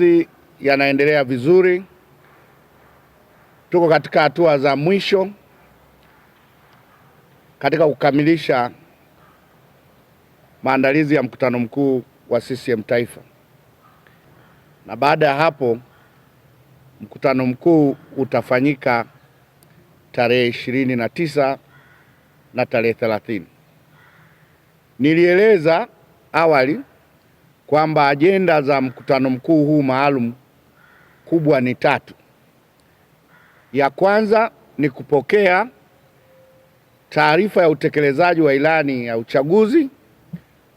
Maandalizi yanaendelea vizuri, tuko katika hatua za mwisho katika kukamilisha maandalizi ya mkutano mkuu wa CCM Taifa, na baada ya hapo mkutano mkuu utafanyika tarehe ishirini na tisa na tarehe thelathini. Nilieleza awali kwamba ajenda za mkutano mkuu huu maalum kubwa ni tatu. Ya kwanza ni kupokea taarifa ya utekelezaji wa ilani ya uchaguzi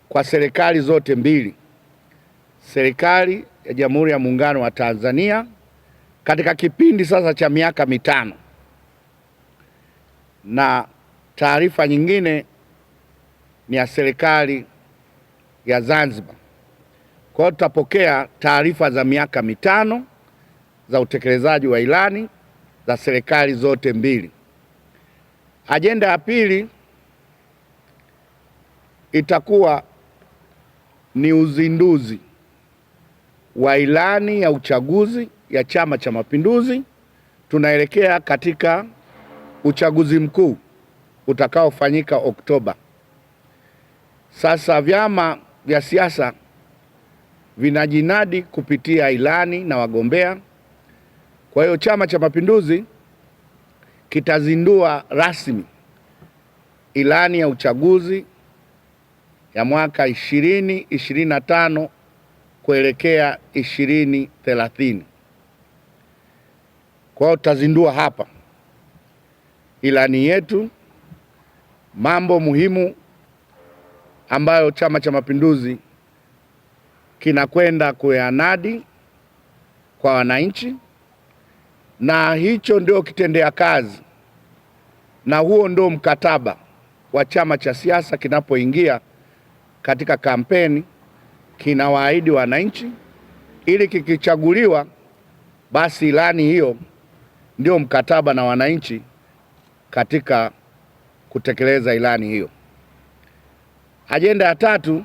kwa serikali zote mbili, serikali ya Jamhuri ya Muungano wa Tanzania katika kipindi sasa cha miaka mitano, na taarifa nyingine ni ya serikali ya Zanzibar kwa hiyo tutapokea taarifa za miaka mitano za utekelezaji wa ilani za serikali zote mbili. Ajenda ya pili itakuwa ni uzinduzi wa ilani ya uchaguzi ya Chama cha Mapinduzi. Tunaelekea katika uchaguzi mkuu utakaofanyika Oktoba. Sasa vyama vya siasa vinajinadi kupitia ilani na wagombea. Kwa hiyo Chama cha Mapinduzi kitazindua rasmi ilani ya uchaguzi ya mwaka 2025 kuelekea 2030. Kwa hiyo tutazindua hapa ilani yetu, mambo muhimu ambayo Chama cha Mapinduzi kinakwenda kuyanadi kwa wananchi, na hicho ndio kitendea kazi na huo ndio mkataba wa chama cha siasa kinapoingia katika kampeni, kinawaahidi wananchi ili kikichaguliwa, basi ilani hiyo ndio mkataba na wananchi katika kutekeleza ilani hiyo. Ajenda ya tatu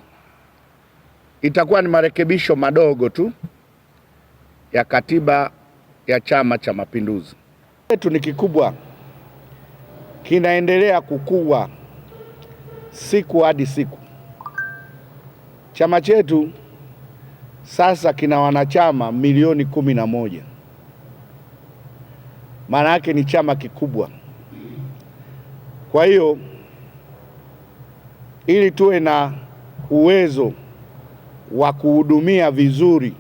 itakuwa ni marekebisho madogo tu ya katiba ya Chama cha Mapinduzi. Yetu ni kikubwa, kinaendelea kukua siku hadi siku. Chama chetu sasa kina wanachama milioni kumi na moja. Maana yake ni chama kikubwa. Kwa hiyo ili tuwe na uwezo wa kuhudumia vizuri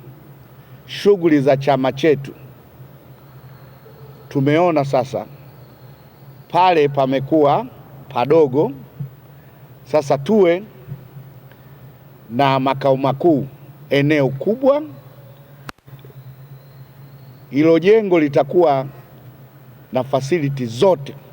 shughuli za chama chetu, tumeona sasa pale pamekuwa padogo. Sasa tuwe na makao makuu eneo kubwa. Hilo jengo litakuwa na fasiliti zote.